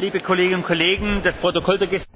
liebe kolleginnen und kollegen das protokoll der gestrigen tagung